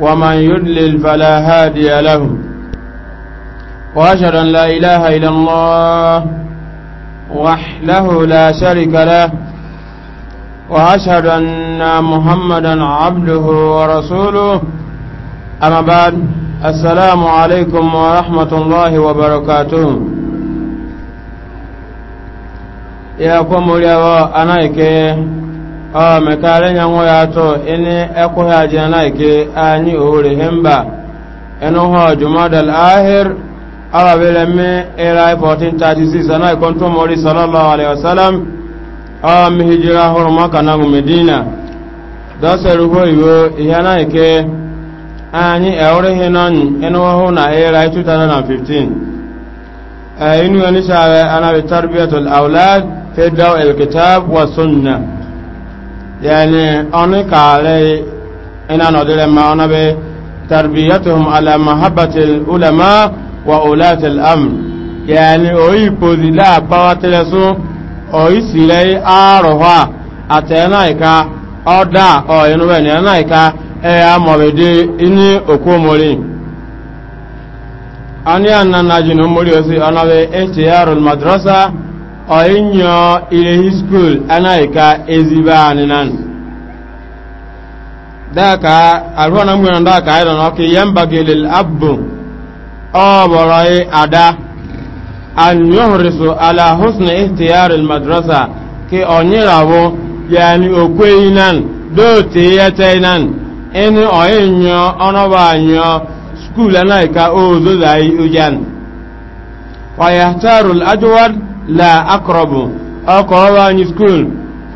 ومن يدلل فلا هادي له وأشهد أن لا إله إلا الله وحده لا شريك له وأشهد أن محمدا عبده ورسوله أما بعد السلام عليكم ورحمة الله وبركاته يا قوم يا أنايكي mekare nyanwo ya to ene eko ya jana ke ani ore hemba eno ho jumada al ahir ala bele me era 1436 ana kontu mori sallallahu alaihi wasallam am hijra hor maka na medina da seru ho iwo yana ke ani ore hinan eno ho na era 2015 inu yani shawe ana bi tarbiyatul awlad fi dawl al wa sunnah yani oni kaale ina nodire ma ona be tarbiyatuhum ala mahabbati ulama wa ulati al-amr yani oyi pozila pawatele so oyi sile aroha atena ika oda o inu be ni na ika e amobede ini okomori ani anna najinu mori osi ona be ihtiyarul madrasa oinyo ilehi school anaika ezibaaninan daka aruwana mwena ndaka ayron oki yambagi lil abbu oboroi ada an yuhrisu ala husni ihtiyari almadrasa ki onyirabo yani okweyinan do tiyatainan ini oinyo onobanyo school anaika ozozayi ujan wayahtaru alajwad la akọrọbụ ọkọrọba anyị skuul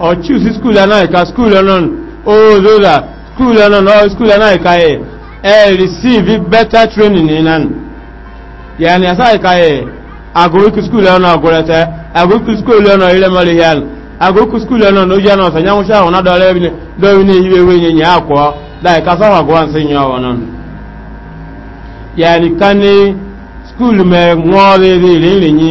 ọ chusi skuul anaghị ka skuul ọnọn ozoza skuul ọnọn ọ skuul anaghị ka ye e receive better training inan yani asaghị ka ye agụrụkụ skuul ọnọ agụrụta agụrụkụ skuul ọnọ ilemọrị hian agụrụkụ skuul ọnọ na oji anọsa ya nwụcha ahụ na dọrọ ebe dọrọ n'ihiwe wenye nye akwọ daị ka sọhọ agụwa nsị nye ọwọ nọ yani ka ni skuul mee nwụọ rịrị rịrị nyi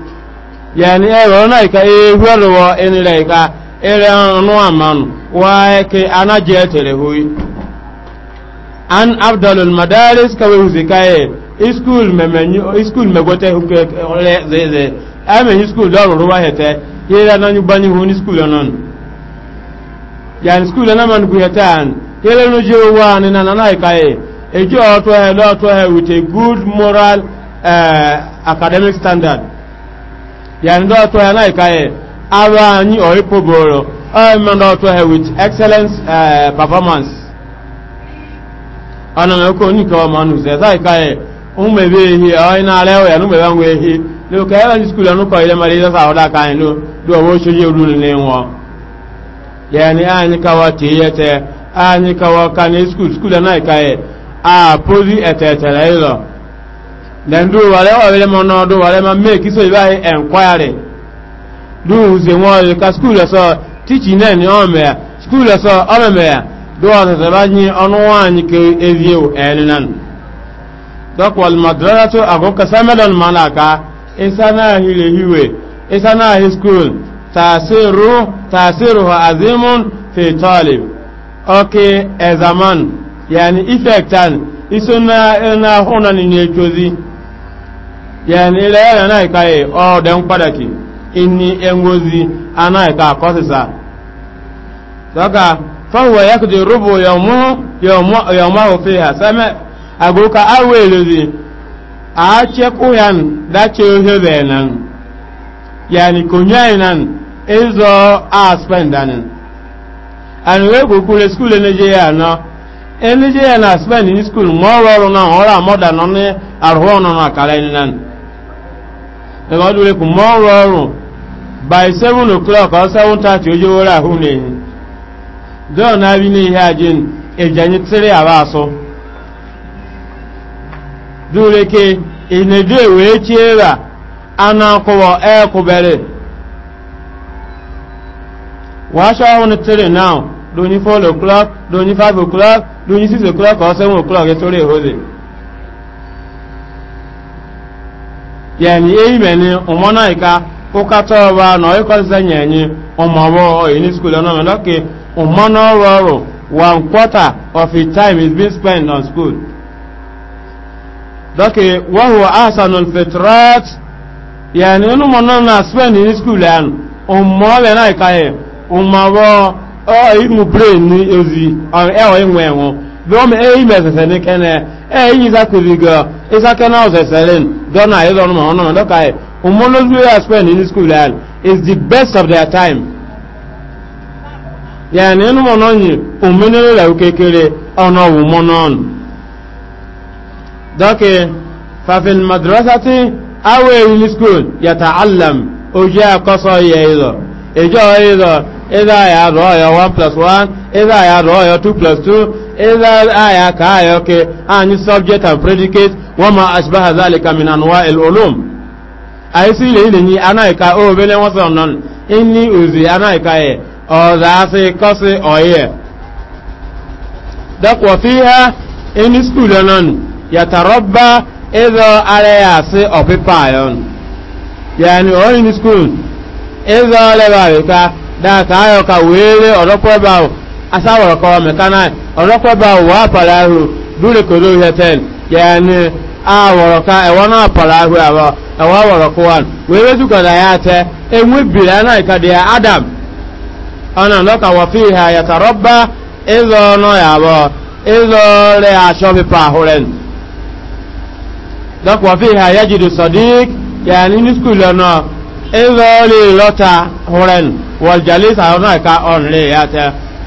yani ẹ̀rọ náà ìka ewu ẹ̀rọ ẹnilẹ̀ ìka ẹ̀rẹ̀ ọ̀nà àmánu wá an abdalul madaris kawai huzikaye iskul mẹgbẹtẹ ọrẹ zẹzẹ ẹmẹ̀yìn skul lọ́rùn rúwá hẹtẹ yẹ́rẹ́ náà bá ní hun ní skul ọ̀nà yani skul ọ̀nà mọ̀ nùgbù yani do to yana ikaye aba anyi oipo boro o me do to with excellence uh, performance ana na ko ni ko manu ze za ikaye ehi be hi o ina lewo ya nume bangu hi lo ka ya school anu ko ile mari do a pozi etetere then do wale wa wele mono do ma make so iba inquiry do ze won ka school so teaching na school so o oh, me me do wa ze ba ni onu wa ni ke eview enan dok wal madrasatu ago malaka isana hile hiwe isana hi school tasiru tasiru azimun fi talib okay ezaman yani effectan na hona ni yani ilẹ̀ ẹ̀rẹ̀ náà ìka ẹ̀ ọ̀ọ̀dẹ̀ ń pàdàkì inni ẹngozi aná ìka àkọsìsà sọ́ka fọ́wọ̀ yẹ́kùdì rúbù yọ̀mọ́ ha àsẹ́mẹ́ àgùkà awọ èlòzì àáchẹ́kùyàn dáchẹ́ ohe bẹ̀ẹ̀ nan yani kònyẹ́ na ịzọ aspendanin and ya kwukwure skuul nigeria anọ nigeria na spend in school ma ọ rọrọ na ọrụ amọda nọ na arụhụ ọnụ na akara nan ẹ̀mọ́ ọdún lẹ́kùn mọ́ rọrùn by seven o'clock or seven thirty ojú wọ́rọ̀ àhún ní ẹ̀yìn john náà bí ní ihe àjẹ́ ìjẹ̀yìn tírí àbá aṣọ dúreke ìnìdú ìwé tí ó rà anákọ̀wọ̀ ẹ̀kùbẹ̀rẹ̀ wàásù àwọn tírí náà lóní four o'clock lóní five o'clock lóní six o'clock or seven o'clock ètò ìhòòdè. yani eyi meni umona ika ukata ba na iko zanya ni umawo ini school na me loke umona roro one quarter of his time is being spent on school doke wa huwa ahsanul fitrat yani inu mona na spend in school an umo be na ika e umawo o imu brain ni ozi e o enwe dɔm eyi mɛ sɛsɛ ne kɛnɛ e eyi isa kiri gɔ isa e kɛnɛ ɔsɛsɛlen dɔna ayi e dɔn ma ɔnɔ dɔ ka yi umolozu yɛ spend in school yɛ is the best of their time Yeah, inu mɔ nɔnyi omenere la kekere ɔnɔ wu mɔ nɔn dɔke fafin madrasati awe in school yata alam ojú akɔsɔ yɛ yi lɔ ìjọ yìí lọ ìdá àyà àdọ́ ọ̀yọ́ one plus one ìdá àyà àdọ́ ọ̀yọ́ two plus two إذا الآية كآية عن subject and predicate وما أشبه ذلك ka أنواع العلوم àìsí ilé ilé ní anáìka ana wọ́n sọ ọ̀nà ní òzì anáìka ẹ̀ ọ̀zàásí kọ́sí ọ̀yẹ́ dẹ́kọ̀ fi ha inú skúlù ọ̀nànù yàtàrọ́bá ẹzọ ara yà sí ọ̀pípà ayọ́n yàní ọ̀rìn skúlù ẹzọ lẹ́bàá rẹ̀ ká ya káyọ̀ ká wéèrè ọ̀dọ́pọ̀ ẹbàá asawara kọwa mekana ọ̀rọ̀kọba wà pàlà ahù dúró kòrò hẹtẹn yẹni awọ̀rọ̀ka ẹ̀wọ́n náà pàlà ahù àwọ̀ ẹ̀wọ́ awọ̀rọ̀kọ wa wèé wé dúkọ̀dà yà tẹ ewu bìrì aná ìkàdé ya adam ọ̀nà lọ́kà wọ̀ fi hà yàtàrọ̀ bá ìzọ ọ̀nà yàbọ̀ ìzọ rẹ̀ aṣọ pípa àhúrẹ́n lọ́kà wọ̀ fi hà yẹ́jìdù sọ̀dík yẹni ní skul ọ̀nà ìzọ rẹ̀ lọ́ta àhúrẹ́n wọ̀ljàlísà ọ̀nà ìka ọ̀nà ya tẹ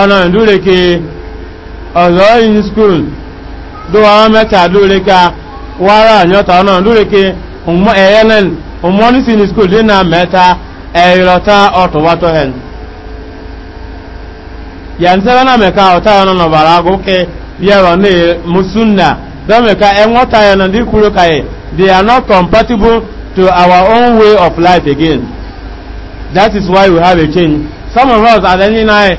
ọ̀nà ìdúreke ọ̀zọ́ yìí skul dúwàá mẹ́ta dúreka wára àyọ́ta ọ̀nà ìdúreke ẹ̀yẹ́lẹ́n ọmọ́nísì ní skul dínà mẹ́ta ẹ̀yọ́ta ọ̀tọ̀wátọ̀ hẹn yànsẹ́rẹ́ náà mẹ́ka ọ̀tá ọ̀nà ọ̀bàrà agókè yẹ̀rọ̀ ní musunna dọ́mẹ̀ka ẹ̀wọ́ta ẹ̀nà díkúrò kàyẹ̀ they are not compatible to our own way of life again that is why we have a change some of us are any night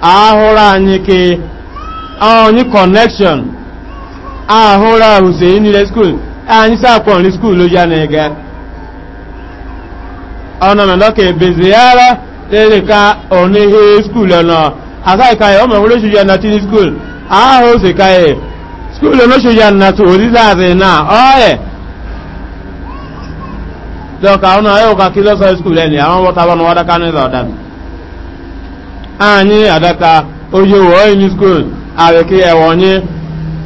ahụrụ anyị ke onye ahụrụ ahụsei niile skuul anyị sakpọ nri skuul ya na-ege ọnọmọdọka ebeziara lere ka onihe skuul nọ asaghị ka ya ọmọ nwere ya na tini skuul ahụ ose ka ya skuul n'oshi ya na na ọye dọka ọnụ ayọka kilọsọ skuul ẹni àwọn wọta wọn wọdaka n'ụzọ ọdami anyị adaka oyewo enyi skul arịkị ewonye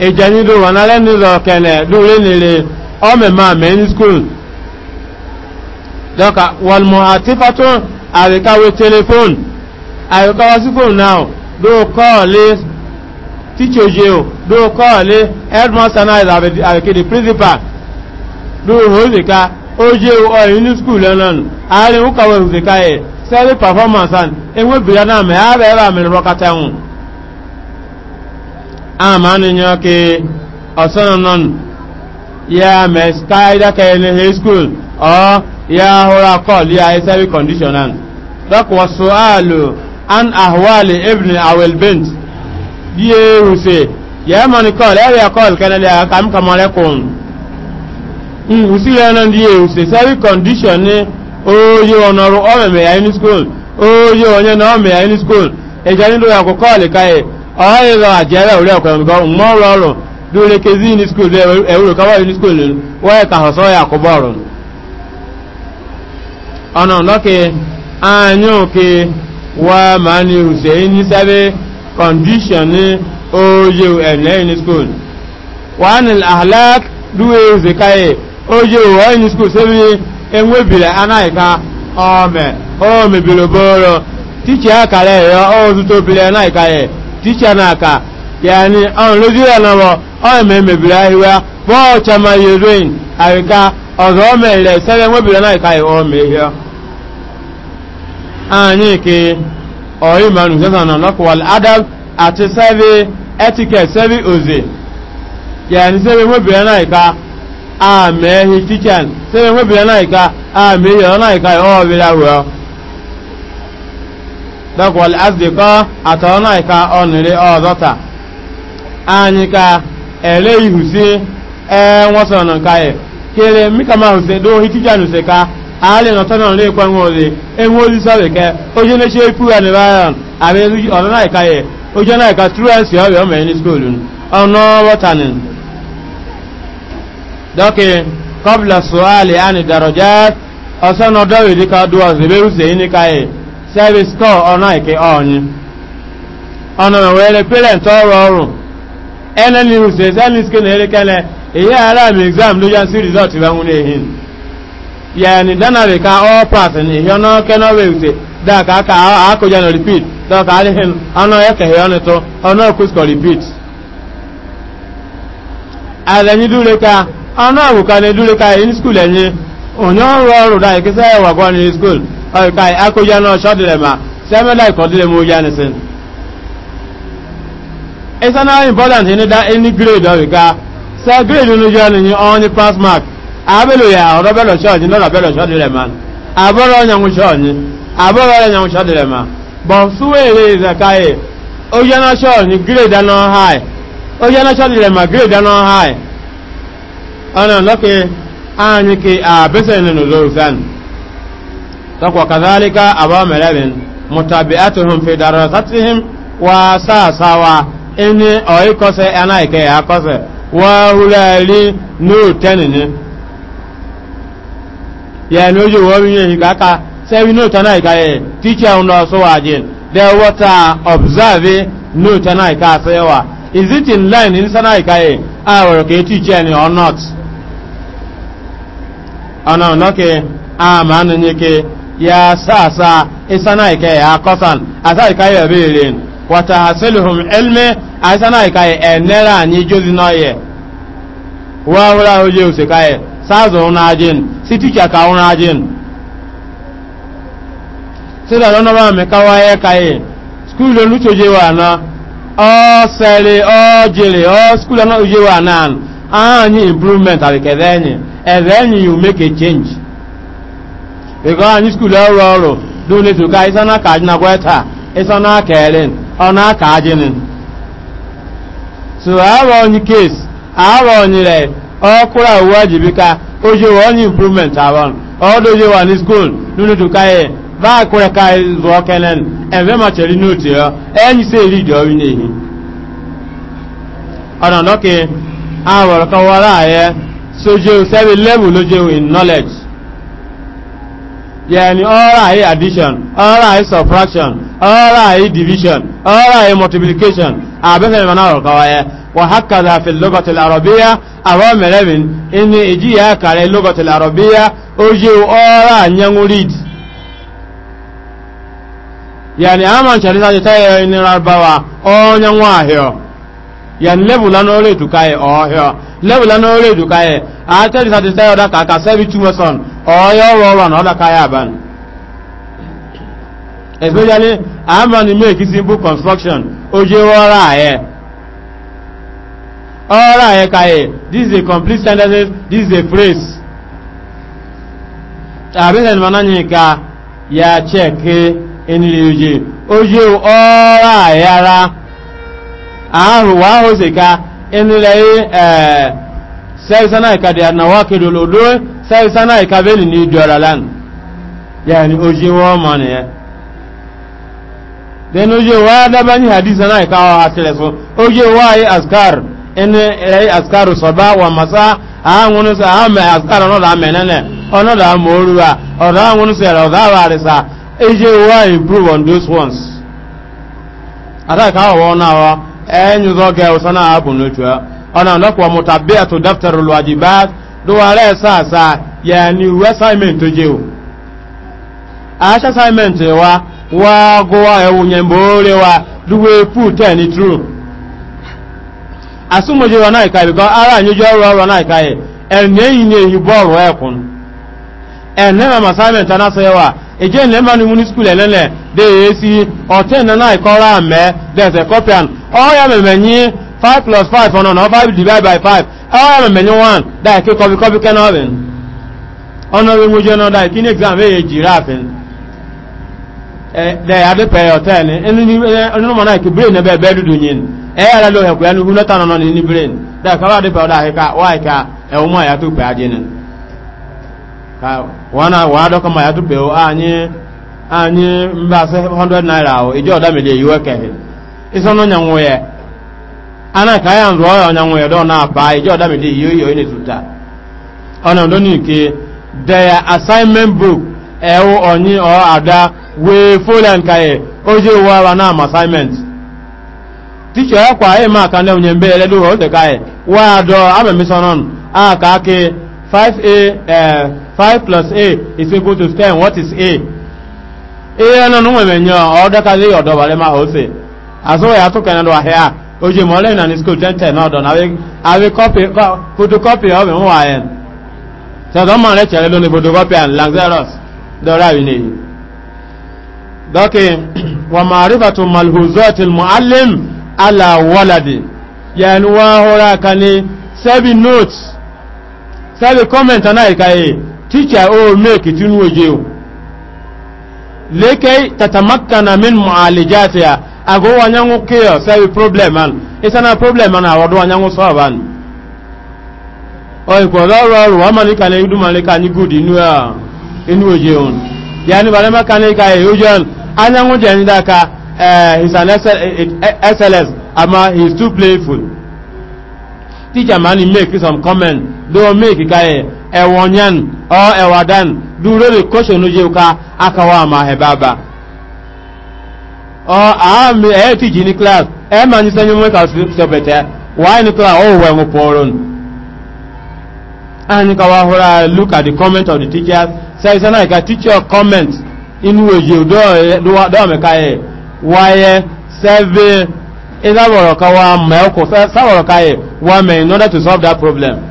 ìjẹni dùn wọn alẹ́ nílò kẹlẹ̀ lórí nílé ọmọ ẹ̀mẹ́ ní skul dọ́ka wọlmọ̀ àti fatún àríkáwé wasi phone now fóòn náà le kọ́ọ̀lé tíchòjé o dóò kọ́ọ̀lé headmaster náà àríkéde principal dóò hó zika ó jẹ́ ọ̀yìn ní skul lọ́nà àárín ó kàwé zika sẹ́rí performance and enwe bìrì náà mẹ́ ààrẹ ẹ̀rọ àmì rọ́kátà ẹ̀hún ya nìyàn kí ọ̀sán náà mẹ́ skydákẹ́ ní high school ọ́ yà hóra ya yà sẹ́rí condition náà dọ́kùwọ̀ sọ́ọ̀lù an àhúwàlì ibn awel bint yé hùsè yà mọ́ ní kọ́ọ̀lù ẹ̀rọ kọ́ọ̀lù kẹ́nẹ́lẹ́ àkàmkàmọ́rẹ́kùn hùsì yẹn náà yé hùsè sẹ́rí condition ní oyi ọ̀nà ọ̀rọ̀ mẹ̀yà ní skul oyi onye na ọmẹ̀yà ní skul ẹja nínú àkọ́kọ́ àlẹ́káyẹ̀ ọ̀háyẹ̀rọ àjẹ́rẹ̀ orí ọ̀kọ̀ kezi ní skul ẹ̀wúrò káwọ́ ní skul wọ́yẹ̀ kàhọ̀sọ́ yà kọ́bọ̀ ọ̀rọ̀ ọ̀nà ọrụ anyụn ke wà máa ní ìrùsẹ̀ ní sẹ́bẹ̀ kọ̀ndíṣọ̀n ní oyi emwebele ana-ika o me o mebele ogologo diche aka re e ya o ozu tobele ana-ika e diche ana-aka ya ni onroji re na o me emebele ahuwa boochamaru yoron arunka ozo o me re 7 webele ana-ika ya o me ya a ni ke orinmanu osesan onakowale adab aci seve etike 7 oze ya ni 7 webele ana- amehi tichan sebe nwebila naika ọ naika ọ bila ọ niri ọzọta anyị ka ele ihusi ee nwasọrọ ya mika ma do ka ali na tọnọ nri kwa nwozi enwe ozi sọrọ ke oje na ṣe ipu ya ni bayan abẹ ọdọ naika ya oje naika dɔke kɔbla suali ani e, e yi ni ka ye ike ɔnyi ɔna wele pere ọrụ ɔrù ɛnɛ ni use sɛni sike na erekɛlɛ ihe ara mi exam ló yan si result nwụrụ ŋun ya yɛni dana bi ka ọ ni ihe aka na repeat dɔka alihin ɔna yɛ kɛhɛ ɔni to ɔna kuskɔ repeat alɛnyi dure ka. anụ agụka na-edule ka in skul enyi onye ọrụ ọrụ da ikisa ya wagwa na skul ọka akụja na ọchọ dịrị ma semeda ikọdịrị m ụja nisi isa na important ni da any grade ọrụ ka grade grade nu jọ nìyí onye pass mark abelu ya ọ̀rọ̀ bẹ̀rẹ̀ ṣọ́ọ̀jì lọ́rọ̀ bẹ̀rẹ̀ ṣọ́ọ̀dìrẹ̀ ma àbọ̀rọ̀ ọ̀yàwó ṣọ́ọ̀jì àbọ̀rọ̀ ọ̀yàwó ṣọ́ọ̀dìrẹ̀ ma bọ̀ súwèrè ìzẹ̀káyè ó yẹ́nà ṣọ́ọ̀jì grade náà high ó yẹ́nà ṣọ́ọ̀dìrẹ̀ ma grade náà high ana lake anyi ke a bisa ne no kazalika takwa kadhalika aba malabin mutabi'atuhum fi darasatihim wa sa sasawa ini oikose ana ike ya kose wa hulali no tenini ya no ju wo yin hikaka sebi no tana ika ye teacher no so waje the wata observe no tana ika sewa is it in line in sana ika ye awor ke teacher ni or not ana noke ama nanyeke ya sasa isana ike ya kosan asa ika ya bere wata hasiluhum ilmi asana ika ya enera anyi jozi noye wa hura huje usikaye sazo unajin si ticha ka unajin sila lọ́nà bá mi káwá ẹ́ káyè skúl olùtòjé wà náà ọ́ sẹ́lẹ̀ anyị improvement abikebe anyị ebe enyi you make a change biko anyị skuul ọrụ ọrụ dunetu ka ịsa na ka ajina gwa taa ịsa na ka erin ọ na ka so arọ onye case arọ onyere ọkụrụ onye improvement abụọ ọdụjewa ni skuul dunetu ka ihe baa ka ịzụ ebe n'otu ya enyi dị ehi ọ na àwọn kan wọ́rá ayẹ́ sójú sẹ́bí level lójú in knowledge yẹni ọ̀rá ayé addition ọ̀rá ayé subtraction ọ̀rá ayé division ọ̀rá ayé multiplication àbẹ́fẹ́ ìmọ̀nà ọ̀rọ̀kan wáyẹ́ wọ́n hákàdà fi lọ́gọ̀tì àrọ̀bíyá àwọn mẹ́rẹ́bìn inú ìjìyà kàrẹ́ lọ́gọ̀tì àrọ̀bíyá ojú ọ̀rá àyẹ̀wò read yẹni àwọn mọ̀ṣẹ̀lẹ́sà ti tẹ́yẹ ìnira bá wa ọ̀nyẹ̀wò àhẹ́ọ̀ yan level an ore to kai e, o oh, yo level an ore to kai e. a ta di satisfy oda ka ka sebi tu Son, o oh, yo ro ro na oda kai aban especially ama ni make simple construction oje wora aye ora aye kai e. this is a complete sentence this is a phrase abin da manani ka ya check enire oje oje ora aye ara ahụ wa ahụ si ka enile sai sana ka da na e, wa ke dolo do sai sana ka be ni dora lan yani oje wa ma ne den oje wa da bani hadisa na ka wa asire so oje wa yi masa improve on those ones ada ka wa na enyu zo ga usana abu nuchwa ona ndakwa mutabiatu daftarul wajibat duwale sasa yani assignment jeu asha assignment wa wa gowa ewunye mbole wa duwe put any true asumoje wa na ikai because ara anyojo ọrụ ọrụ na ikai ẹnẹ́yìn ni èyí bọ́ọ̀lù ẹ̀kùn eje nle manu muni school elele de esi ote na na ikora ame there's a copian o ya memenyi 5 plus 5 ono na 5 divide by 5 o ya memenyi 1 da ke copy copy ken oven ono we muje no da kin exam e giraffe eh de ade pe ote ni enu ni enu mo na ke brain na e be be dudu yin e ara lo he ko anu hu na tan no ni brain da ka ba de pe o da he ka wa ka e o mo ya to pe ade ka wana wado kama ya o anye anye mba se 100 naira o ijo da mele yiwe ke he iso no ana ka ya nzo o nyanwo ye do na pa ijo da mele yiwe yo ni tuta ona ndo ni ke their assignment book e o onyi o ada we folan ka ye oje wa wa na assignment teacher ya kwa e ma ka na onye mbe ele do o de ka ye wa do abemisonon aka ke 5a eh 5 plus a is equal to 10 what is a A ihe nọ n'ụmụ emenye ọ dọkara ihe ọdọbara ma ose azụwa ya atụ kanadọ ahịa oje ma ọlụ na ni skul 10 na ọdọ of him fotokopi ọbụ nwa ya sọdọ mma rẹ chere lónìí fotokopi and laxarus dọrọ awi n'eyi dọkị wa ma'rifatu malhuzatil muallim ala waladi yani wa hura kani sebi notes sebi comment anayi ka teacher o oh, make tinu oje o leke tatamakkana min mu'alijatiha ago wanyangu kiyo sai problem an isana problem an awodo wanyangu saban oy ko ro ro wa mani kale yudu mani kan good inu a inu oje on yani bare ma kan kai ujan anyangu jani daka Uh, is an SLS ama he's too playful teacher mani make some comment do make kai ewonyan o ewadan durere kosho nujewka akawa ma ebaba o aami e ti jini class e ma ni sanyo mo ka class o we mo poron and kawa hora look at the comment of the teachers say say na teacher comment inu oje do do do me ka e why seven ina boro ka wa in order to solve that problem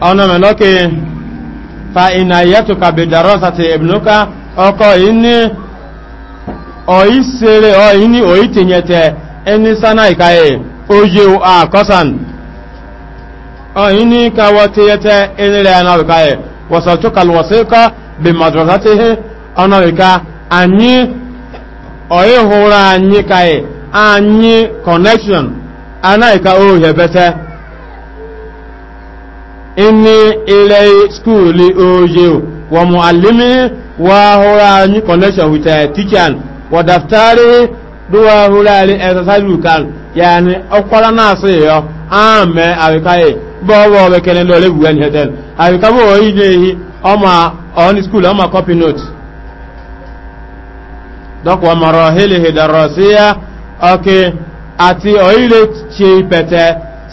ọ̀nà mẹ́lọ́kẹ́ fa ìnàyẹ́tùkà bèdàrọ́sàtì ìbìnúkà ọkọ̀ ìní ọ̀ísẹ̀rẹ̀ ọ̀íní òítìyẹ̀tẹ̀ ẹni sánà ìkáyẹ̀ oye àkọ́sàn ọ̀íní kawọ́tíyẹ̀tẹ̀ ẹnìrẹ̀ anáwìkáyẹ̀ wọ̀sàtùkàlùwọ̀síkọ́ bèmàdùrọ̀sàtì ọ̀nàwìká anyị anyị anyị inni ilai skuli oyo wa muallimi wa hura connection with a uh, teacher wa daftari duwa hura ni exercise kan yani okwara na se yo ame abikai bo bo be kene do le buwan hetel abika bo yi de ma copy note ati oile pete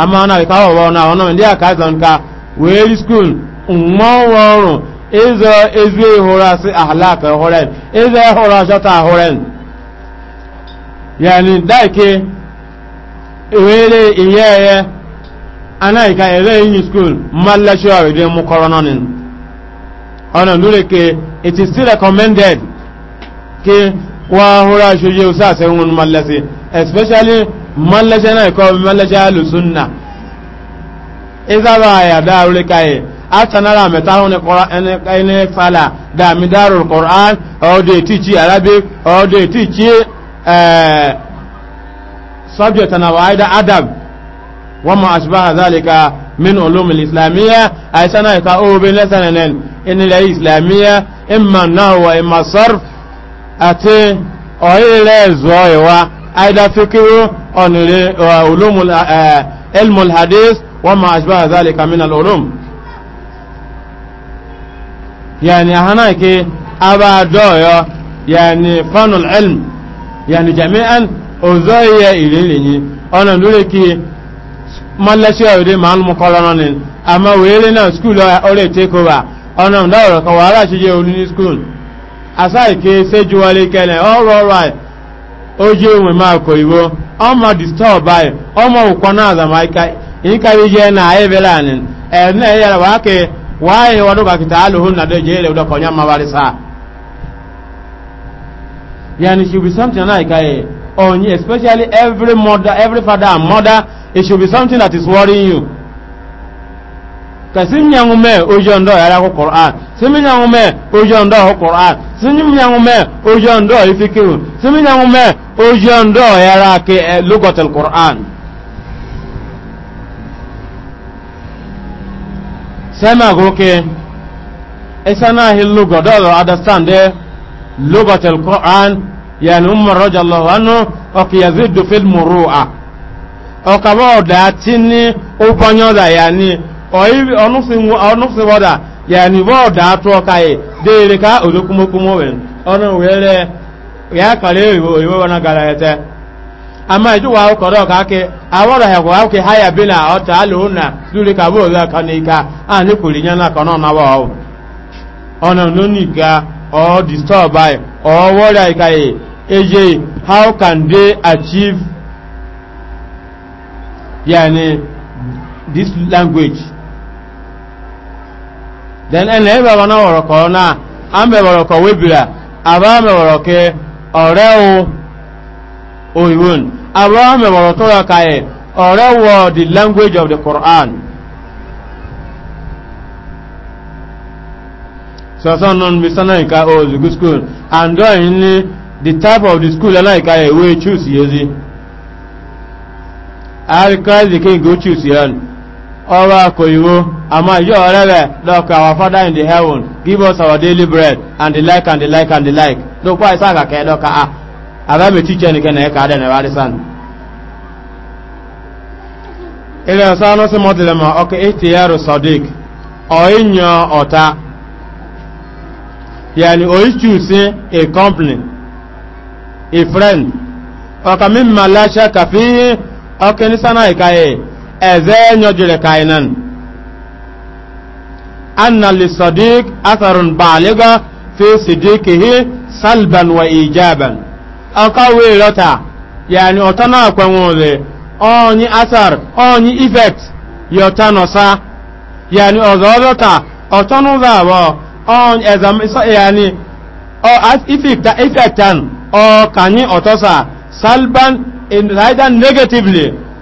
ama na ka wo na ono ndi aka zon ka we school mo worun izo ezi hora si ahlak horen izo hora shata horen yani daike ewere iyeye anaika ere yin school malla shawe de mu it is still recommended ke kwa hora shoje usa se won especially mọ́lẹ́sẹ̀ náà kọ́ mọ́lẹ́sẹ̀ alùsùnà ìsábà àyà dáàrúlé káyẹ̀ asanara mẹ́tàrún ẹni fàlà dàmí dárò kọ̀rán ọdọ̀ ìtìchí arabic ọdọ̀ ìtìchí subject na wa'ida adab wọ́n mọ̀ àṣìbára zálika min olómi islamiyya àìsànà ìka obin lẹ́sànẹ̀nẹ̀ inilẹ̀ islamiyya imma náà wa imma sarf àti ọ̀hílẹ̀ zọ́ ìwá aida fikiru onire ulumul ilmul hadis wa ma ashbaha zalika min al ulum yani hana ke aba doyo yani fanul ilm yani jami'an ozoye ileleyin ona lure ki malasi ode ma mu kolona ni ama wele na school o le take over ona ndoro ko wala se je oni school asai ke seju kele all right ojú òun máa kò ìwọ ọmọ disturb báyìí ọmọ òkọ náà zàmà ìka bí jẹ́ náà ayé bẹ́lá ni ẹ̀ẹ́dínà ẹ̀yà rẹ̀ wá kẹ wáyé wọn dọ́gba kìtà alùhùn nàdọ́ jẹ́ ilẹ̀ ọdọ́ kọ̀nyá máa wárí sáà yani should be something like a on especially every mother every father and mother it should be something that is worrying you kasim nyangume ojondo yara ko qur'an sim nyangume ojondo ho qur'an sim ojondo ifikiru sim nyangume ojondo yara ke eh, lugat al qur'an sema goke esana hil lugat do understand lugat al qur'an yani umar radiyallahu anhu o yazid fil muru'a o da tinni o yani oyibi onusin onusin wada yani bo da to kai dere ka odokumo kumo wen onu wele ya kare iwo iwo wana gara ete ama iju wa okoro ka ke aworo he wa ke haya bila o ta lo na dure ka bo la kanika ani kuri nyana kono na wa o ona no ni ka o disturb by o wora kai eje how can they achieve yani this language den ene ebe ba na woro ko na ambe woro ko webira aba me woro ke ore o oyun aba me woro to ka e ore wo the language of the quran so so non mi sana ka o zugu school and do ni the type of the school na ka e we choose yezi ari ka ze ke go choose yan ọwa koyiwo ama yo ọrẹbẹ lọkọ our father in the heaven give us our daily bread and the like and the like and the like lọkọ àìsàn àkàkẹ́ lọkọ a àbámi tíjẹ nìkan náà ẹ̀ka adẹ́nà wárí sàn. ilẹ̀ sọ́nù sí mọ́tìlẹ̀mọ́ ọkọ̀ ìtìyàrú sadiq ọ̀yìnyàn ọ̀tá yẹni oyichu sí a company a friend ọkọ̀ mímọ̀ láṣẹ kàfíhìn ọkọ̀ nísànà ìkàyẹ̀ ezenyo jire kainan anna lisadiq atharun baliga fi sidikihi salban wa ijaban aka werota yani otana akwenwode onyi athar onyi effect yotanosa yani ozorota otanuzabo on ezam yani o as effect effectan o kanyi otosa salban in either negatively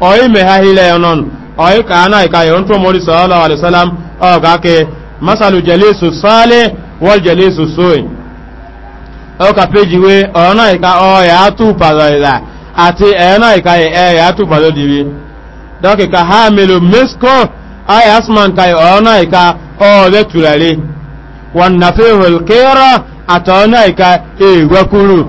oyi me ha hile yonon oyi ka ana ka yon to mori sallallahu alaihi wasallam o ga ke masalu jalisu salih wal jalisu su'i o ka peji we ona ka o ya tu palo ati ena ka e ya tu palo dibi donc ka ha melo mesko ay asman ka ona ka o le tulale wan nafihul qira atona ka e gwakuru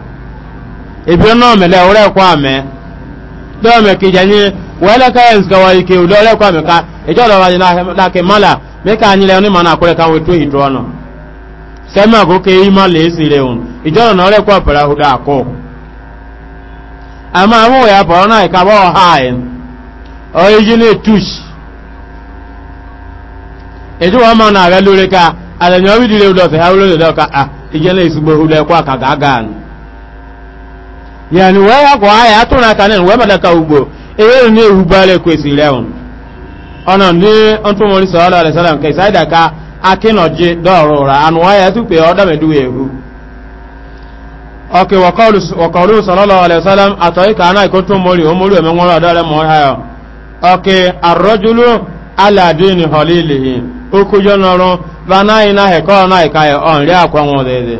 ebiro no mele ore kwa ame do me ki janye wala ka ens ka ike ke do ore kwa ka e na mala me ka anyị le oni mana kure ka wetu hito ono sema go ke ima le sire un e jolo na ore kwa huda ama ya na ka haen o tush na ga lure ka ala nyawi dire do fe ha lure do ka ah isi isugbo ka ga yani wee ya kwa e, ya atụ n'aka nenu wee madaka ugbo eweru na ehubara ekwesịrị ahụ ọnọ ndị ntụmori sọlọ alasalam ka isa idaka aki nọji dọrọ ụra anụ ya tupu ya ọdamedu ehu ọkị ọla ala salam atọ ịka ana iko ntụmori omori eme nwere ọdọrọ ma ọha ya ọkị arọjulu aladini holilihi okujọ nọrọ banaghị n'ọrụ hekọ na ịka ya ọ nri akwa nwụdịdị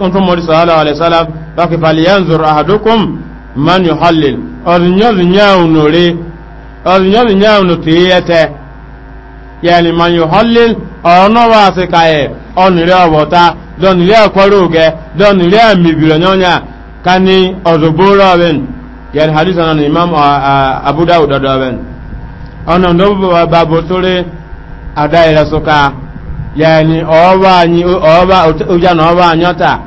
don tumori sallallahu alaihi wasallam donc falyanzur ahadukum man yuhallil ọdụnyọdụ nyaahụ n'ore ọdụnyọdụ ọ n'otiyete yani man yuhallil ọ̀nọ́wọ́ àsìkàyẹ̀ ọ̀nìrẹ́ ọ̀wọ̀ta dọ̀nìrẹ́ ọ̀kọ́rọ̀ dọ̀nìrẹ́ àmìbìrì ká ní ọ̀zọ̀gbóró ọ̀bẹ̀n yẹn imam Abu Dawud ọ̀dọ̀ ọ̀nà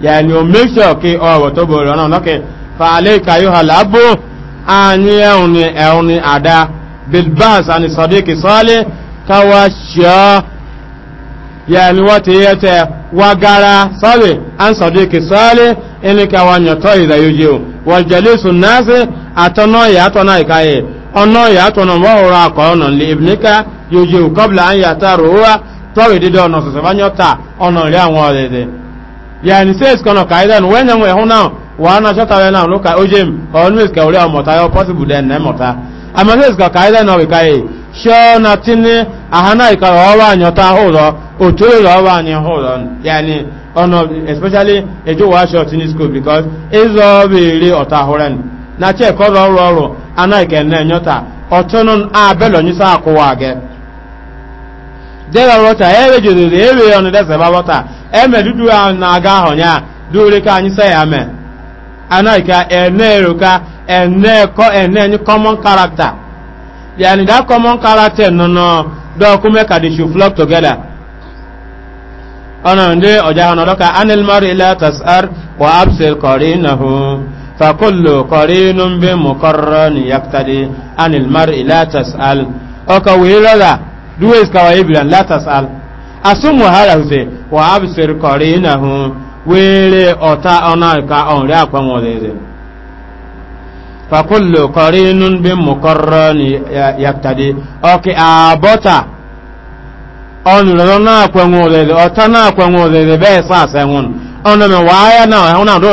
yani o make sure ke ọwọ tó bọ̀rọ̀ náà lọ́kẹ̀ fàálẹ́ kayo halabo anyi ni ẹ̀hùn ni àdá bilbas àni sọdíkì sọ́lẹ̀ káwà ṣọ́ yani wọ́n ti yẹ wà gara an sọdíkì sọ́lẹ̀ ẹni káwà nyọ̀tọ́ ìdàyójì o wọ́n jẹ́lẹ̀ yani says kono kaidan wenya mwe huna wana shota we na luka ojem always ka uri amota yo possible den na mota ama says ka kai sho na tini ahana ka owa nyota hodo otoro lo wa ni hodo yani ono especially ejo wa shot in school because izo bere ota horan na che ko ro ro ro ana na nyota otonon abelo dega rọta ewe jododo ewe ọnụ deseba rọta eme dudu ahụ na-aga ahụ ya duri ka anyị se ya mee anaghịka ene eroka ene ko ene enyi common character yani that common character nọ nọ dọkume ka they should flock together ọnụ ndị ọjà ọnụ ka anil mara ila tasar wa absil qarinahu فكل قرين بمقرن يقتدي عن المرء لا تسأل أو كويلة duwe iskawa ibilan la tasal asun wahala huse wa absir qarinahu were ota ona ka on ri akwa ngode fa kullu qarinun bi muqarrani yaktadi oke abota on ro na akwa ngode ota na akwa ngode be sa sa ngun ona me waya na ona do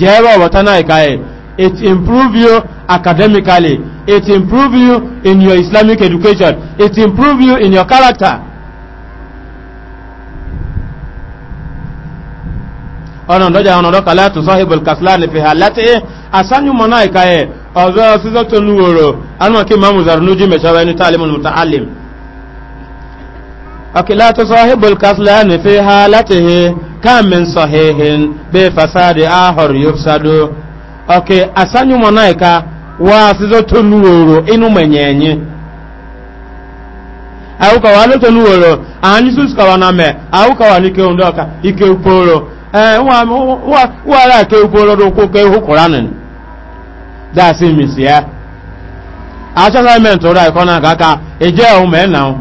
jẹ́rọ wọ̀tánà ìkáyẹ̀ it improve you academically it improve you in your islamic education it improve you in your character ọ̀nà lọ́jà ọ̀nà lọ́kà látò sọ́hìbùl kàsílá ní fìhà láti asányùmọ̀ náà ìkáyẹ̀ ọ̀zọ́ sísọ́ tó ní wòrò anúwàkí mamu zarnuji mẹ́ṣọ́wẹ́ ní tààlimul muta'allim ọ̀kì látò sọ́hìbùl kàsílá ní fìhà láti kam min sahihin be fasadi ahor yufsadu okay asanyu monaika wa sizo tonuworo inu menyenye awuka wa loto nuworo ani sus ka wana me awuka wa nike ondoka ike uporo eh wa wa wa ra ke uporo do ko ke hukuranin da si misi ya eh. assignment ora ikona kaka eje o me now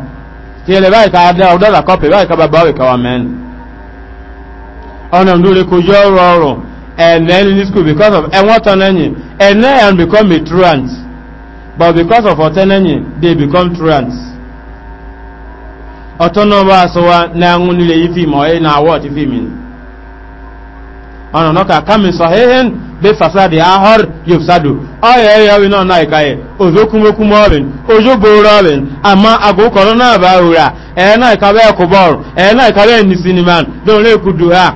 ti ele bai ka da odola copy bai ka baba we ka wa men ọ̀nà lórí kojú ọrọ̀ ọrọ̀ ní school because of ẹ̀wọ́n tán become a truant but because of ọ̀tẹ́ they become truant ọ̀tọ́ náà bá aṣọ na nílé yìí fíìmù ọ̀yẹ́ náà wọ́ ti fíìmù ọ̀nà náà sọ hẹ́hẹ́n bí fasadi ahọ́r yóò sádù ọ̀yẹ́ ẹ̀yẹ́ ọ̀wí náà náà ìkáyẹ̀ òjò kúmọ́kúmọ́ ọ̀rìn òjò gbòòrò ọ̀rìn náà bá rúra ẹ̀ẹ́ náà ẹ̀ẹ́ náà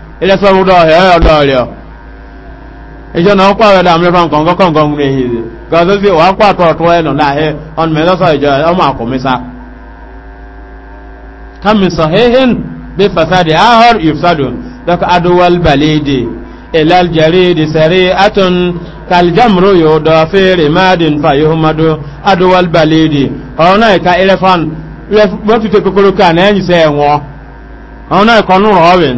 ilẹ̀ sọ́rọ̀ dọ̀ ẹ̀ ọ̀dọ̀ rẹ̀ ìjọ náà kọ́ àwẹ̀dà mẹ́fà kọ̀ǹkọ́ kọ̀ǹkọ́ ń rèé hìzì gọ́dọ̀ sí wà á kọ́ àtọ̀ ọ̀tọ̀ ẹ̀nà náà ẹ̀ ọ̀nà mẹ́lọ́sọ̀ ìjọ ọmọ àkọ́mísà kàmì sọ̀hẹ́hìn bí fasadi ahọ́r ìfsadùn dọ́kọ̀ adúwọ́l balẹ̀dì ilal jaridi sari'atun kaljamru yóò dọ̀ fèrè mádìn fàyọ́mọdù adúwọ́l balẹ̀dì ọ̀rọ̀ náà ìka ilẹ̀ fan wọ́n ti ọ̀rọ̀ náà ìkọ́nù rọ̀ọ̀wìn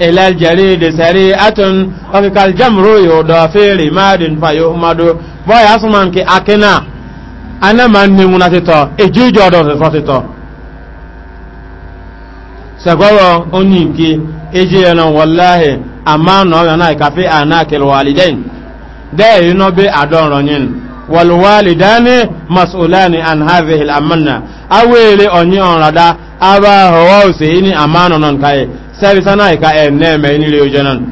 إلى الجريد سريعة وفي الجمر يوضى في رماد فيهمد بوي أسمان كي أكنا أنا من نمونا تتا إجي جودة تتا سقوة أنيكي إجي أنا والله أما نوغنا كفي أنا كالوالدين ده ينبي أدون رنين walwalidani masulani an hadhihi al-amanna awele onyi onrada aba hawa usaini amano non kai sɛbi sana yi ka ɛn nɛ mɛ ni le yojɛ nan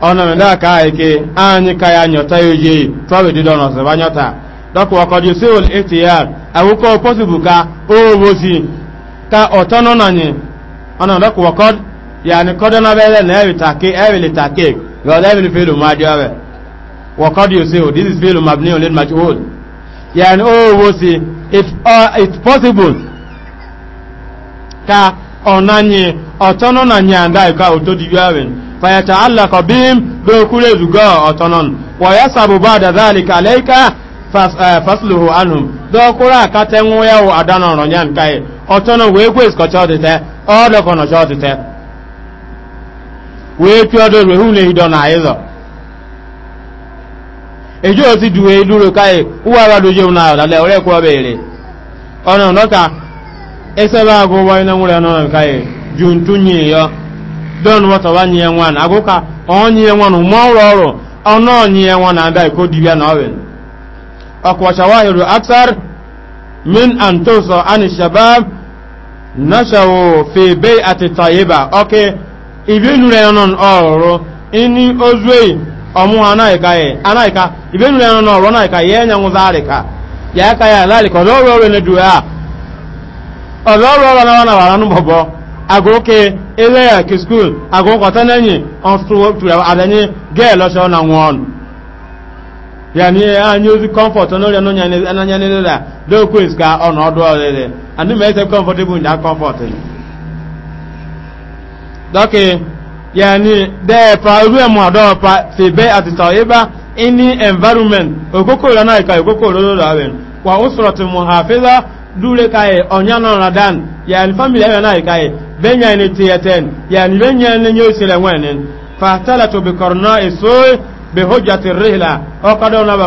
ɔna mɛ daa ka yi ke anyi ka ya nyɔta yojɛ yi tɔbi di dɔn ɔsɛ ba nyɔta dɔk wa kɔdi sewol htr ka oobo si ka ɔtɔnɔ na nyi ɔna na bɛ lɛ na ɛbi ta ke ɛbi le ta ke this is feelu mabni on late match hold yaani if uh, it's possible ka. ọ̀nanyị ọ̀tọ́nọ́ na nyanda ka otodibiawen fayata'allaqu bihim dokure zuga ọ̀tọ́nọ́ wa yasabu ba'da dhalika alayka eh, fasluhu anhum dokura akate nwuya wo adana ronyan kai ọ̀tọ́nọ́ we kwes ko chodite odo kono chodite we piodo we hune hido na izo ejo ti duwe duro kai uwa wa doje una la le ore ko bere ona noka esebe agụ e wai na nwere anọ ka ye juntu nyi yo don wata wa nyi na agụ ka nwa nwan mo ọrụ ọrụ ọnụ nwa na ada ko dibia na owen akwa shawahiru aksar min antoso an shabab nashawo fi bai'ati tayyiba oke ibi nure non ọrụ ini ozuei ọmụ anaghịka ye anaghịka ibi nure non ọrụ anaghịka ye enyanwụ zarika ya aka ya lalika ọzọ ọrụ ọrụ ne duwe ọ̀lọ́rọ̀ ọ̀rọ̀ náà wà ránú bọ̀bọ̀ agókè ilẹ̀ àkí skul lẹ́yìn àdẹ́yìn gẹ́ẹ̀ lọ́ṣọ́ na wọn yàní anyị ozi kọmfọt n'ụlọ n'anya n'ịlịla dokwe ka ọ na ọdụ ọlịlị environment okoko ìlànà ìka okoko ìlọ́lọ́lọ́ àwẹ̀ wà ó sọ̀rọ̀ tì mọ̀ àfẹ́lá dure kaye onyano radan ya ni family ya na kae benya ni tiyeten ya ni benya ni nyosile wenen fa talatu bi qarna isoy bi hujjati rihla o kado na ba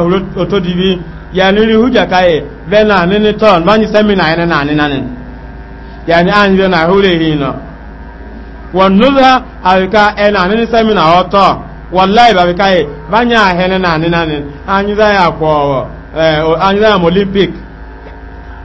to dibi ya ni ri hujja kaye bena ni ni ton bani seminar ene na ni nanin ya ni an na hule hino wan nudha alka ena ni semina oto wallahi ba bi kaye banya hene na ni nanin anyi za ya ko eh anyi olympic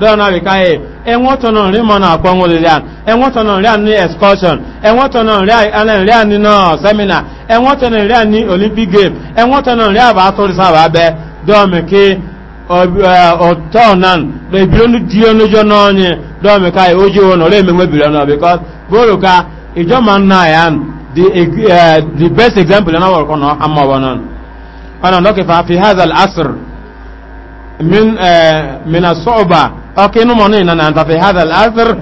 dọ́nà bí káyé ẹ̀wọ́n tọ̀nà rí mọ́nà àpọ́nwó lè rán ẹ̀wọ́n tọ̀nà excursion ẹ̀wọ́n tọ̀nà rí seminar ẹ̀wọ́n nri rí àní olympic game ẹ̀wọ́n rí àbá sórí sábà bẹ́ dọ́ọ̀mì kí ọ̀tọ̀ náà lẹ́bìrínú di onújọ́ náà ní dọ́ọ̀mì káyé ó jẹ́ wọn ọ̀rẹ́ mi wọ́n bìrẹ̀ náà because bóòlù best example من آه من الصعوبة في هذا الأثر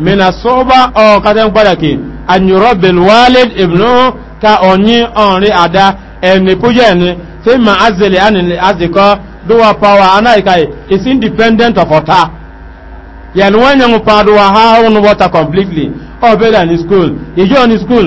من الصعوبة أو قد أن الوالد ابنه كأني أني أدا ثم أن أزكى دوا أنا is independent of ha completely school school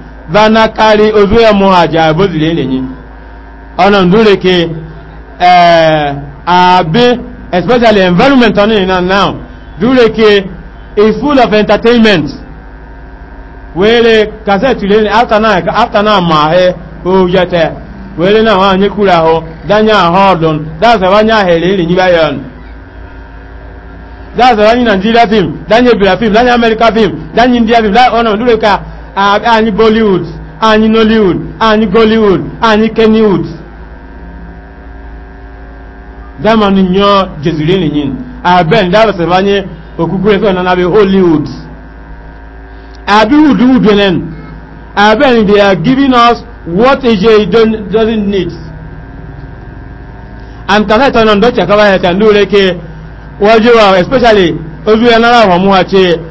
bana kari ozu ya mu haja bo zile ne ni ona ndure eh, especially environment on in and now dure ke is full of entertainment wele cassette le after na after na ma he o yete wele na wa nye kula ho danya hodon that's why nya hele ni ni bayon that's why ni Nigeria film Daniel, Brazil film danya America film Daniel, India film ona ndure ka àní bollywood àní nollywood àní gollywood àní kennywood zamani nyɔ jezuri nìyí abẹ́ni dábẹ̀ sẹ̀fà ní òkúkúrẹ́ fẹ́ nana bẹ hollywood àbí woodwood nẹ́nu abẹ́ni they are giving us what asia doesn't need and kasa ìtọ́nà ndọ́chà kaba yẹn tàn lóore ké wọ́n jẹ́ wa especially ojú ẹ̀ nára àwọn ọmọ wa ṣe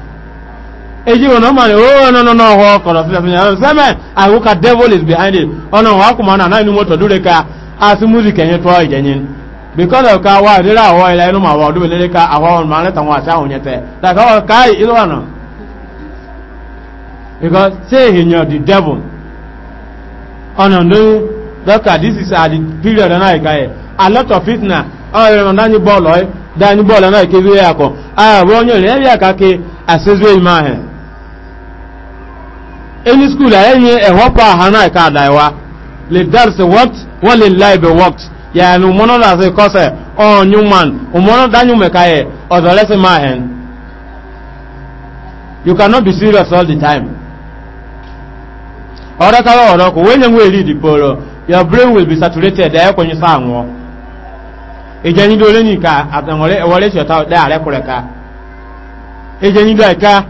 eji wọn ooo no no no ọhọ ọkọlọ sílẹ̀ fún i sẹmẹ àwòká devil is behind it ọ̀nà ọ̀họ́ akùnmọ̀ náà náà inú mọ́tò dúró ká music because of ká wá àdúrà àwọ̀ ilẹ̀ inú màwọ̀ ọdún ìlérí ka àwọ̀ ọ̀nà like kai because say the devil this is period a lot of fitna any school ayenye ehopa hana ka daiwa le dars what wa le live what ya no mono na se ko se new man. o mono danyu me kae o dole se ma hen you cannot be serious all the time ora ka lo ro ko wenye we read e poro your brain will be saturated eh, e ko nyi sa anwo ejanyi do le ni ka atanwore wore shota da are kureka ejanyi do e ka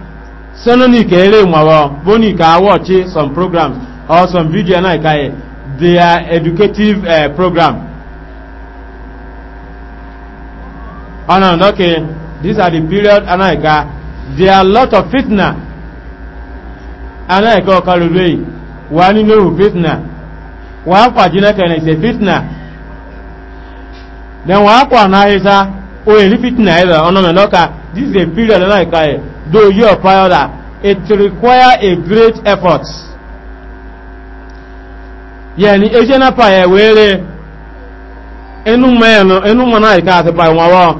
sononi ka ere mwawo boni ka watch some programs or some video na ikaye their educative uh, program ana oh, okay these are the period ana ika ah. there are lot of fitna ana ika oh, okalule wa ni no fitna wa kwa jina ka na se fitna then wa kwa na isa o oh, eri fitna ida ona me loka this is a period ana ika though you acquire that it requires a great effort yẹni eje na pa ẹ wéere inú mẹ́ẹ̀nù inú mọ̀ náà àti pa ìwọ̀n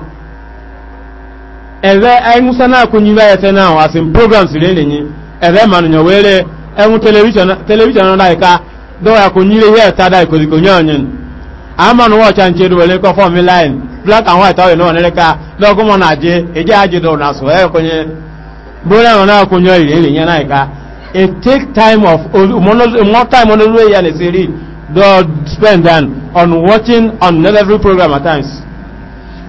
ẹ̀rẹ́ ẹ̀mùsá náà kún yín báyẹ̀ náà as in programs rẹ̀ nìyí ẹ̀rẹ́ mà nìyàn wéere ẹ̀mù tẹlifíṣàn náà ìka dọ́wọ́ kún yín lé ẹ̀ta yán bóra wọn náà kúnyọ ìrìn ìrìn yẹn náà ká a take time of more time onírúurú èyí àlè sí rí spend on watching unnecessary program at times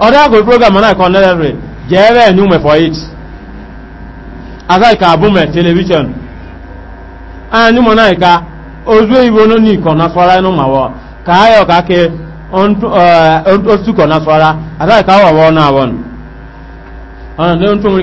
ọ̀dọ́ àgọ́ program náà kan unnecessary jẹ́rẹ́ ẹ̀yún mẹ́ for it i ka abúmẹ̀ television ààyànjúmọ̀ náà ká ojú ìwọ ní ìkànnà sọ́ra inú màwọ̀ káyọ̀ káke eh, ó túkọ̀ sọ́ra aside ká wọ̀ wọ́n náà wọ́n ọ̀nà ní ó ń tún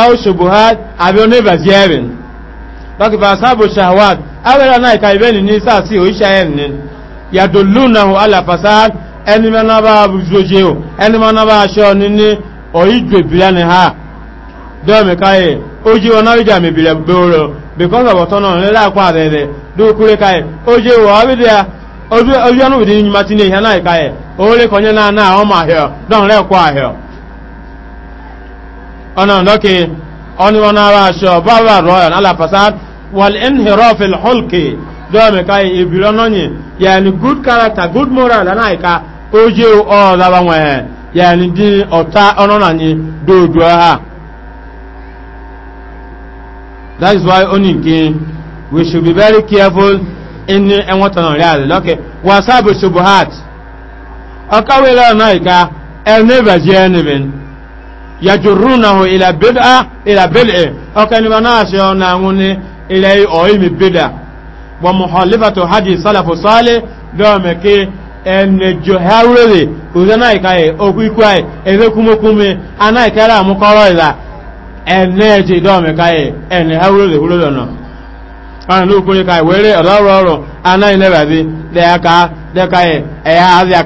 aw shubuhat abi oni baziyabin donc fa sabu shahwat awela na ka ibeni ni sa si o isha en ni yadullunahu ala fasad ẹni mẹ́nà bá zoje o ẹni mẹ́nà bá aṣọ ni ni ni ha dọ́ọ̀mì káyè ojú wọn náà ìjà mìbìlẹ̀ gbòòrò because of ọ̀tọ́ náà nílẹ̀ àpá àdẹ̀dẹ̀ dókúrẹ́ káyè ojú wọn أنا لك أنا أنا شو بابا رويان على فساد والانحراف الحلقي ya good character good moral أنا إيكا oje ọ laba nwee ya ni ndị ọta ọnụ na ha that is why only nke we should be very careful in enwata na real wasa bụ shubuhat ọka wele ọnaghị ka elnebaji enibin yajurrunahu ila bid'a ila bid'i okani banase ona ngune ila o imi bid'a wa muhalifatu hadi salafu salih do me ke ene johawre uzana ikaye okuikwai ezekumokume anaikara amukoro ila ene je do me kaye ene no ana aka ya azia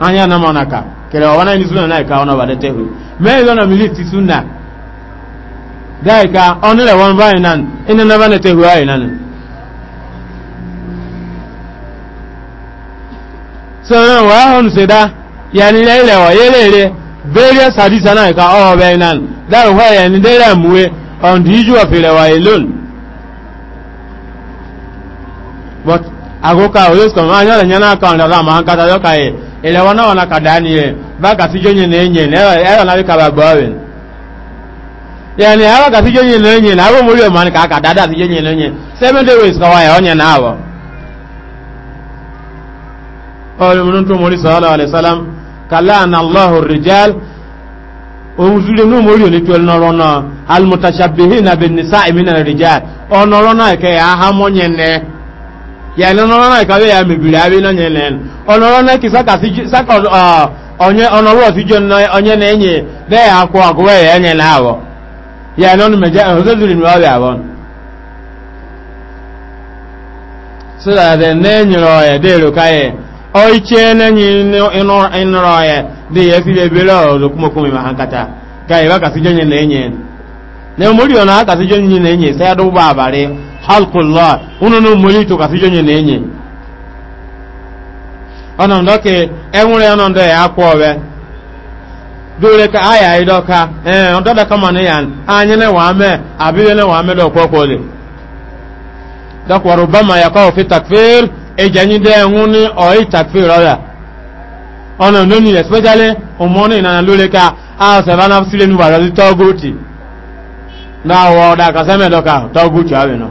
anya na mana ka kere wana ni sunna na ka ona ba lete me yo na mili ti dai ka onere wan ba nan ina na ba lete ai nan so wa hon se da ya ni le le wa le na ka o be nan da ya ni de muwe on di ju wa but anya na nyana kan da ma da ka ile wana wana kadani ye baka sijo nye ne nye ne ayo na bika babawen yani awa ka sijo nye ne nye na awo muri o ka ka dada sijo seven day ways ka wa ya onye na awo ọ̀rẹ́ mú tó mọ̀rí sọ́lọ́ alẹ́sálám kàláàna aláhùn rìjál ní mọ̀rí ò ní tó ẹlọ́rọ̀ náà almutashabihi na bin nisa imina rìjál ọ̀nọ̀rọ̀ náà kẹ́ ya ha mọ́nyẹ̀ nẹ́ ya ya mebiri abị na na ki saka onye ọnọrọ na na enye ya akwụ agụwa ya enye na ya eh, ọrịa abụọ na enyere ọya dị ya oiche na enyi ọya dị ya ebere ọzọ kumokume ma ha nkata ka na enye na na na enye abalị halkullah unu nu mulito ka fijo nye nenye ona ndoke enwure ono ndo e ya akwa owe dole ka aya ido ka eh ondo da kama ne yan anye ne wa me abile ne wa me do kwa kwa le dak wa ya ka fi takfir e janyi de enwuni o i takfir oya ona noni especially umone na lole ka a se bana sile nu ba do togoti na wo da ka se me do ka toguchi awe no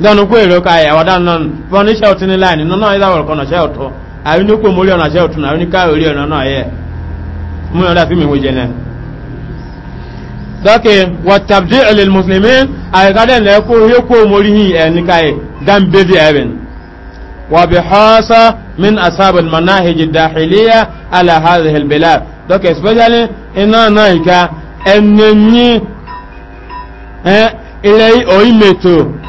dɔnni ko èrò ka yà wàdà nọ fún ní sẹ́wọ̀tì ní láàyè nínú náà ìdáwọ̀rọ̀ kọ́nà sẹ́wọ̀tù àbí ní kò mórí ọ̀nà sẹ́wọ̀tù náà àbí ní ká orí ọ̀nà náà yẹ mú yọ̀dá sí mi wò jẹ́ náà. dọ́kì wà tàbí ẹ̀lẹ́ mùsùlùmí àyíkádẹ́ ńlẹ̀ kó yẹ kó mórí yìí ẹ̀ ní káyè dán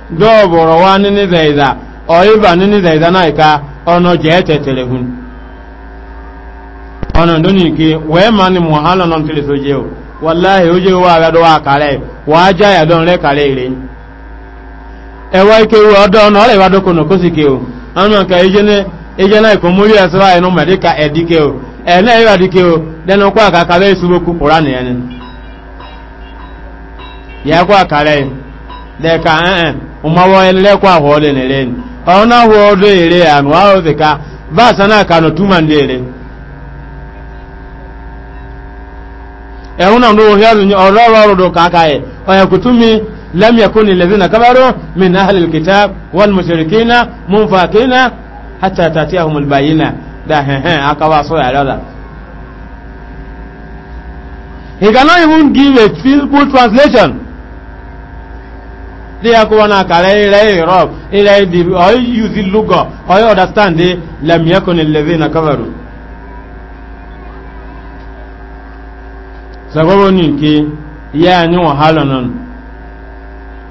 dɔɔbɔrɔ waa nini zɛyiza ɔyiba nini zɛyiza naa ika ɔnɔ jɛɛ tɛtɛlɛ hun ɔnɔ doni ki wɛɛ ma ni muhala nɔn tili so jɛ o walahi o jɛ waa wɛdo waa kala waa ja ya dɔn lɛ kala e yi len ike wo ɔdɔ ɔnɔ ɔlɛ wa do kono kosi ke o ɔnɔ ka eje ne eje naa iko mori ɛsɛ waa yi no mɛ de ka ɛdi e ke o ɛnɛ e yi wa di ke o dɛnɛ kɔ aka kala yi suboku kura nìyɛn ni yɛ kɔ akala yi dɛ ka ɛn ɛn. umawo enlekwa hole neren ona hodo ere anu awo zeka ba sana kano tuma ndere e una ndo hialu ni ororo rodo kakae oya kutumi lam yakun alladhina kafaru min ahli alkitab wal mushrikina munfakina hatta tatiyahum albayina da he he akawa so ya dada he cannot even give a full translation dị ya kụwa na akara ire europe ire dị oyi yuzi lugo oyi understand lam yakun allazina kafaru sababu ni ke ya ni wahala nan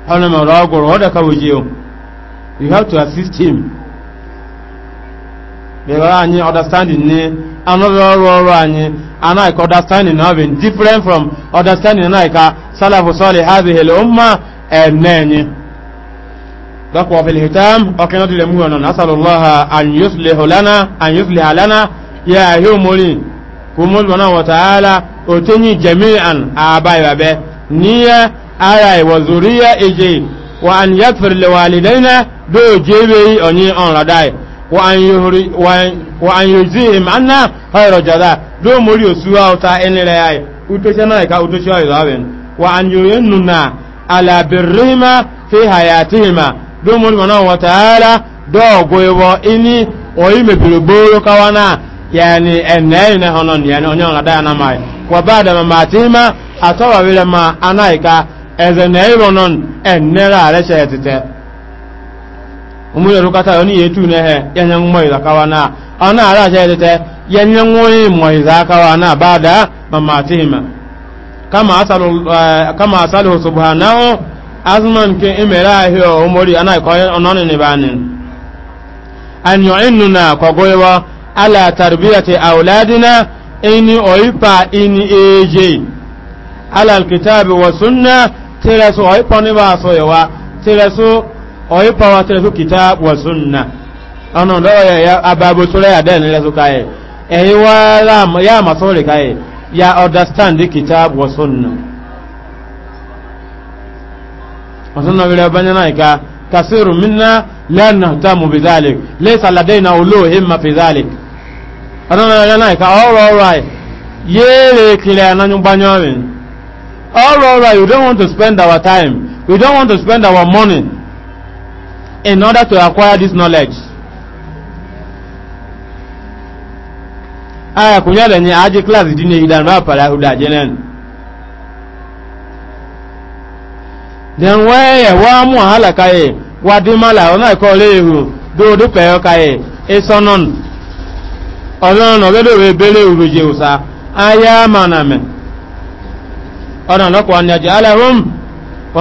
ona ma ragoro oda ka wuje you have to assist him be wa ni understanding ni another role anyị understanding na different from understanding anaghị ka salafu sọlị hadhihi al ẹ̀nẹ́ni dọ́kọ̀ ọ̀fẹ́lẹ̀hìtàm ọkẹ̀nàtílẹ̀ mú ọ̀nà asàlọ́lọ́ha àyífìlẹ̀ àlánà yà yóò mórí kò mọ́lùmọ́nà wọ̀tàálà òtẹ́yìn jẹ́mìíràn àbá ìrabẹ́ níyà ara ìwọ̀ wa èjè wà án yàtfẹ̀rẹ̀lẹ̀ wà lìdẹ́nà dóò jẹ́wẹ́ ọ̀ní ọ̀nradàì wà án yóò jí ìmánà ọ̀rọ̀ jàdá dóò mórí òsúwà ọ̀ta ẹni rẹ̀ àì ala birrihima fi hayatihima dumul mana wa ta'ala do goybo ini o ime biriboro kawana yani enne ne honon yani onyo na da na mai wa ba'da mamatihima atawa wile ma anaika ezene ironon enne ra re se tete umule oni yetu ne he yanyan mo kawana ana ara tete yanyan mo mo kawana ba'da mamatihima Eh, kama asalu subhanahu azman ke imera hiyo umuri ana ko onone ni bani, an yu'innuna kogoywa ala tarbiyati auladina ini oipa ini eje ala alkitabi wa sunna tirasu oipa ni ba soyewa tirasu oipa wa tirasu kitab wa sunna ono ndo ya ababu sura ya den lesu kai eyi wa ya masore kai ya understand the kitab wa sunna wasanna wele banyana ika kasiru minna la nahtamu bi dhalik laysa ladaina ulu himma fi dhalik anana yana ika all all right yele kile ananyu banyawen all all right we don't want to spend our time we don't want to spend our money in order to acquire this knowledge aya kunyala ni dị class dine idan na fara huda jenen den waye wa mu halaka ye wa di mala ona ko lehu do do pe o kai e sonon ọlọ́run ọ̀gẹ́dọ̀ rẹ̀ bẹ̀rẹ̀ òròjè òsà ayá mànàmẹ̀ ọ̀nà lọ́pọ̀ ọ̀nà jẹ́ aláhùn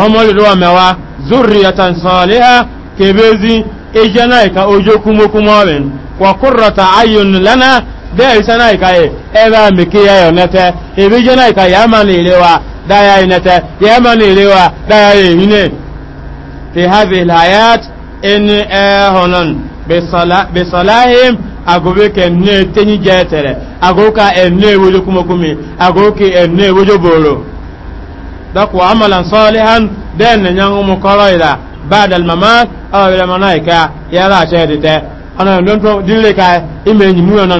ọmọlẹ́dọ́wà mẹ́wàá zúrì àtànsánlẹ́hà kèbézi ejẹ́ náà ìka ojú kúmọ́kúmọ́ rẹ̀ wàkúrọ̀ta ayọ̀nù lana. bẹ́ẹ̀ iṣẹ́ náà ìkáyè ẹ̀rọ mìkí ẹ̀yọ̀ nẹ́tẹ́ ìrìjẹ́ náà ìkáyè ẹ̀mà ní ilé wa dáyà ìnẹ́tẹ́ wa dáyà fi hafi ìlàyàt ẹni ẹ̀họ̀nàn bisalahim agobe ke ne tenyi jẹ́tẹ̀rẹ̀ agoka ẹ̀nẹ́ ìwójú kúmọkúmi agoke ẹ̀nẹ́ ìwójú bòrò dọ́kọ̀ amalan náà ìka àṣẹ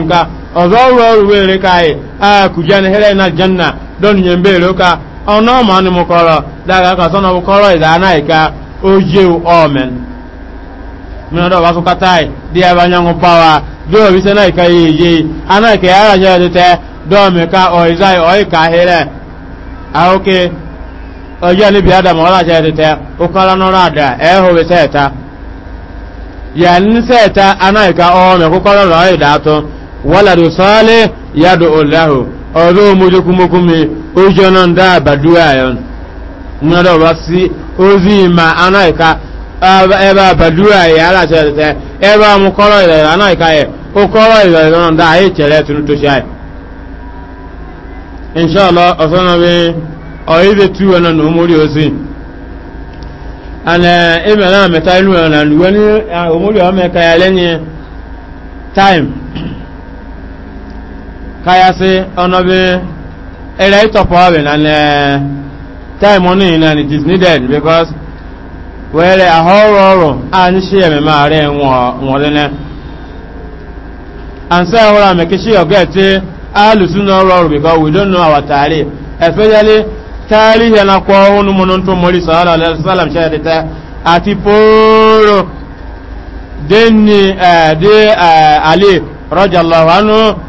ka ọzọ ọrụ ruwere ka anyị a kuja na here na janna don nye mbe ero ka ọnụ ọma anụ m daga ka sọ na ọ kọrọ ịda anaghị ka o jewu ọmen mmiri ọdọ ọba sụkata anyị dị ebe anyanwụ pawa dị obi sị anaghị ka ya eyi anaghị ka ya araja ọdịte dọọmị ka ọịza anyị ọyị ka ahịrị ahụke ọjọ ni bi adam ọraja ọdịte ụkọrọ n'ọrụ ada ehụ wesa seta ya nseta anaghị ka ọmị kụkọrọ ọrụ ọyị da atụ waladu salih yad'u lahu ọ̀rọ̀ mojokumokumi ojú ọ̀nà ń ozi ìmà aná ìka ẹbá àbàdúrà yẹ aláṣẹ ẹ̀tẹ́ ẹbá mú kọ́rọ̀ ìrẹ̀lẹ̀ aná ìka yẹ ó kọ́rọ̀ ìrẹ̀lẹ̀ náà dá ayé ìtẹ̀lẹ̀ tuntun tó ṣáì inṣọ́lọ ọ̀sánà bí ọ̀yẹ́dẹ̀ ozi ẹ̀nà ìmẹ̀lẹ́ àmẹ́ta inú ẹ̀nà lùwẹ́ ní òmórí ọmọ kayasi onobi ere itopo abin and uh, time money in and it is needed because were a horror and she am ma re won and say ora me kishi o get alu sunu horror because we don't know our tari especially tari ya na kwa hunu munun to mori sallallahu alaihi wasallam shahadata ati poro denni eh de ali radiyallahu anhu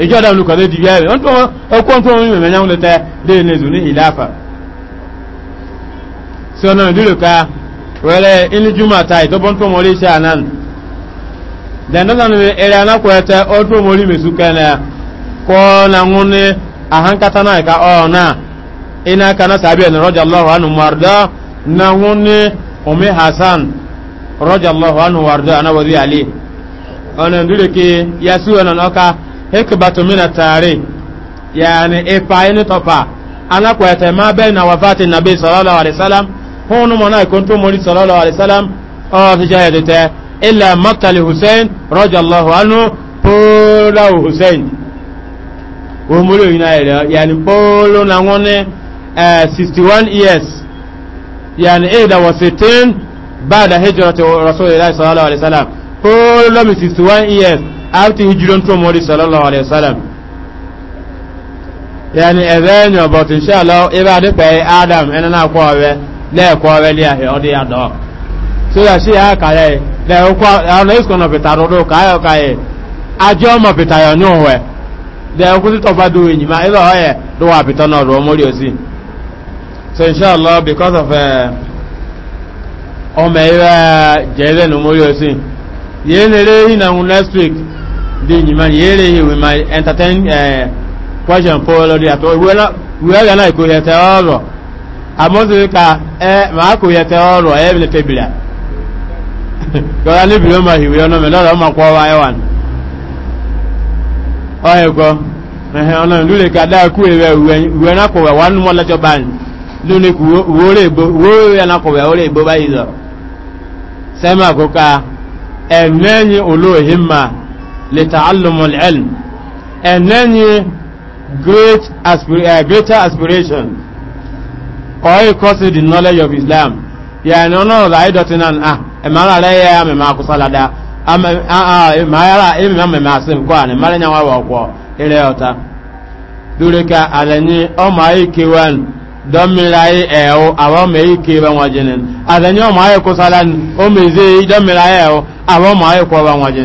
ejo da lu ka de dibiya on to e ko eh, eh, on to mi me nyamu le ta de ne zu ni ilafa so na dulu ka wele ili juma ta to bon to mori sha nan dan da nan era na ko ta o to mori me su kana ko na ngone ahankata na ka o na ina kana sabi an radiyallahu anhu marda na ngone umi eh, hasan radiyallahu anhu warda ana wadi ali onan oh, dulu ke yasu onan oka hikbatu min atari yani ifayini topa anakwete ma baina wafati nabi sallallahu alaihi wasallam hunu mona ikuntu muri sallallahu alaihi wasallam o ti jayedete illa matali hussein radiyallahu anhu pola hussein omuri oyina ere yani polo na ngone uh, eh, 61 years yani ida wa 16 baada hijrati rasulillahi sallallahu alaihi wasallam polo mi 61 years awti hijiron to mori sallallahu alaihi wasallam yani ebenyo but inshallah iba de pe adam ena na kwa we ahe odi ya do so that she aka le le kwa ona is gonna betaro do ka yo ka ajo mo betayo nyu we de ku ti to ba do yin ma iba oye do wa betono ro mori osi so inshallah because of uh, ọmọ ẹ̀rọ jẹ́rẹ̀ ní mọ́rí ọ̀sìn yìí lè next week di nyimani yele hi we my entertain eh question polo di ato we la na ko yete oro amozu ka eh ma ko yete oro e bi tebila ko ani bi ma hi ma wa e wan o e go eh ona ndu le ka da ku e we na ko ban ku wo ya na bo lita'allumul ilm ẹ̀nẹ́ni great aspir uh, greater aspiration kọ́ọ̀yì kọ́sì the knowledge of islam yẹ̀ni ọ̀nà ọ̀la ìdọ̀tí náà ah ẹ̀mọ́ra rẹ̀ yẹ ẹ̀mẹ̀mẹ̀ akọ́sálada ẹ̀mẹ̀mẹ̀ra ẹ̀mẹ̀mẹ̀ àsìnkọ́ àni mẹ́rin yẹn wà wọ̀kọ́ ilẹ̀ ọ̀ta durika alẹ́ni ọmọ ayé kéwàn dọ́mìnira yẹ ẹ̀họ́ àwọn ọmọ ayé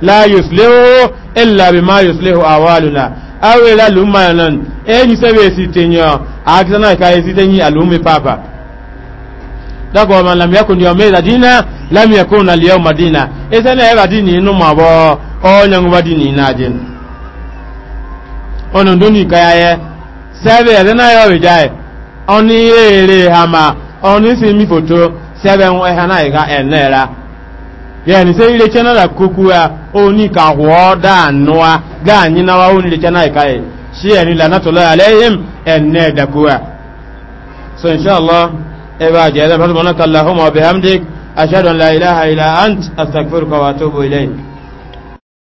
la yuslihu illa bima yuslihu awaluna awela lumma nan enyi sebe sitinyo akisana ka esitinyi alumi papa dako man lam yakun yawma madina lam yakun al yawma madina esana eba dini no mabo onya nguba dini naje ono ndoni kayaye sebe edena yo bijaye oni ere hama oni simi foto sebe en ehana ga enera yani sai ile chana da kukuwa oni ka huoda noa ga anyi na wawo ile chana ikai e. shi e yani la natula alaihim enne da kuwa so insha Allah eba jada subhanaka allahumma wa bihamdik ashhadu an la ilaha illa ant astaghfiruka wa atubu ilayk